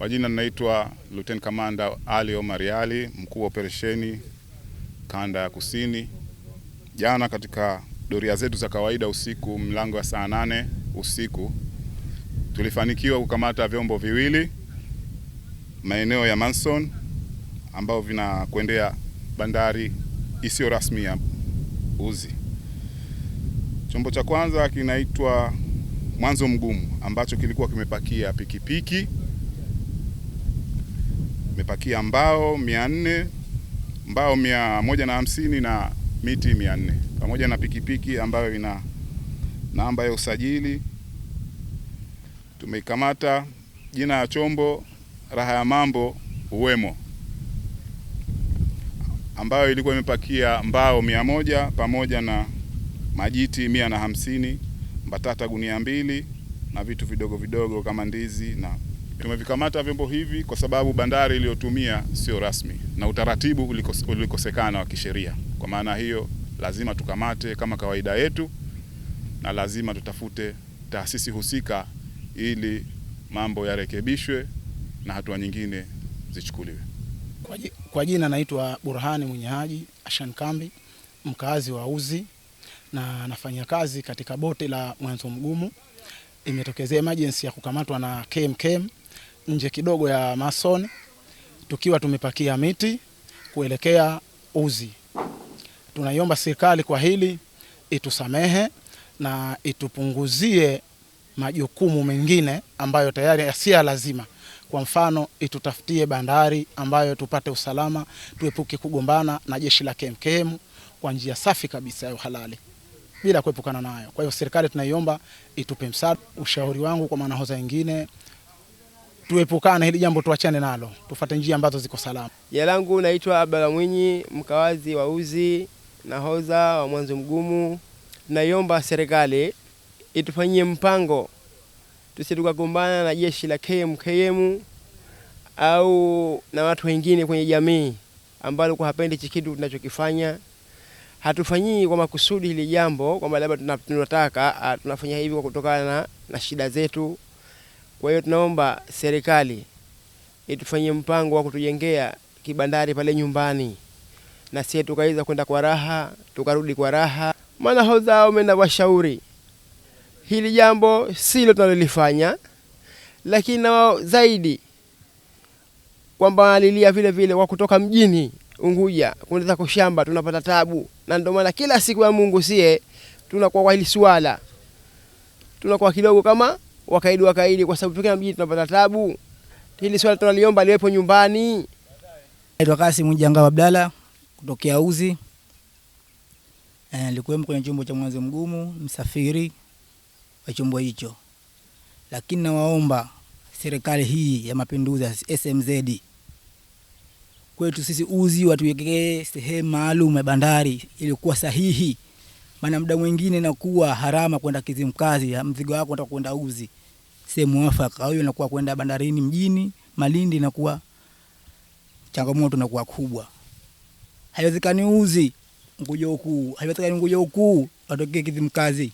Kwa jina ninaitwa Lieutenant Commander Ali Omar Ali, mkuu wa operesheni kanda ya Kusini. Jana katika doria zetu za kawaida usiku, mlango wa saa nane usiku, tulifanikiwa kukamata vyombo viwili maeneo ya Manson ambao vinakwendea bandari isiyo rasmi ya Uzi. Chombo cha kwanza kinaitwa Mwanzo Mgumu ambacho kilikuwa kimepakia pikipiki tumepakia mbao mia nne mbao mia moja na hamsini na miti mia nne pamoja na pikipiki ambayo ina namba ya usajili tumeikamata. Jina ya chombo Raha ya Mambo Uwemo ambayo ilikuwa imepakia mbao mia moja pamoja na majiti mia na hamsini mbatata gunia mbili na vitu vidogo vidogo kama ndizi na tumevikamata vyombo hivi kwa sababu bandari iliyotumia sio rasmi na utaratibu ulikosekana wa kisheria. Kwa maana hiyo, lazima tukamate kama kawaida yetu, na lazima tutafute taasisi husika ili mambo yarekebishwe na hatua nyingine zichukuliwe. Kwa jina naitwa Burhani Mwenye Haji Ashan Kambi, mkazi wa Uzi na anafanya kazi katika boti la Mwanzo Mgumu. Imetokezea emergency ya kukamatwa na KMKM nje kidogo ya Mason tukiwa tumepakia miti kuelekea Uzi. Tunaiomba serikali kwa hili itusamehe na itupunguzie majukumu mengine ambayo tayari yasiyo ya lazima. Kwa mfano, itutafutie bandari ambayo tupate usalama, tuepuke kugombana na jeshi la KMKM kwa njia safi kabisa ya uhalali bila kuepukana nayo. Kwa hiyo serikali tunaiomba itupe msaada. Ushauri wangu kwa manahoza wengine tuepukane hili jambo, tuachane nalo, tufate njia ambazo ziko salama. Jina langu naitwa Abdalla Mwinyi, mkawazi wa Uzi na hoza wa Mwanzo Mgumu. Naiomba serikali itufanyie mpango, tusitukagombana na jeshi la KMKM au na watu wengine kwenye jamii ambalo kwa hapendi hichi kitu tunachokifanya. Hatufanyii kwa makusudi hili jambo kwamba labda tunataka, tunafanya hivi kwa kutokana na shida zetu. Kwa hiyo tunaomba serikali itufanyie mpango wa kutujengea kibandari pale nyumbani, na sisi tukaweza kwenda kwa raha tukarudi kwa raha. Manahodha wameenda washauri, hili jambo silo tunalolifanya, lakini na wao zaidi kwamba wanalilia vile vile wa kutoka mjini Unguja kuendeza kwa shamba tunapata tabu, na ndio maana kila siku ya Mungu sie tunakuwa kwa hili swala tunakuwa kidogo kama wakaidi wakaidi, kwa sababu tukiwa mjini tunapata tabu. Hili swala tunaliomba liwepo nyumbani. Naitwa Kasim Janga Abdalla kutokea Uzi. Eh, nilikuwemo kwenye chombo cha mwanzo mgumu, msafiri wa chombo hicho, lakini nawaomba serikali hii ya mapinduzi SMZ kwetu sisi Uzi watuwekee sehemu maalum ya bandari ilikuwa sahihi, maana muda mwingine nakuwa harama kwenda Kizimkazi, mzigo wako unataka kwenda Uzi sehemu mwafaka, au inakuwa kwenda bandarini mjini Malindi inakuwa changamoto inakuwa kubwa. Haiwezekani uzi Unguja Ukuu, haiwezekani Unguja Ukuu atokee Kizimkazi.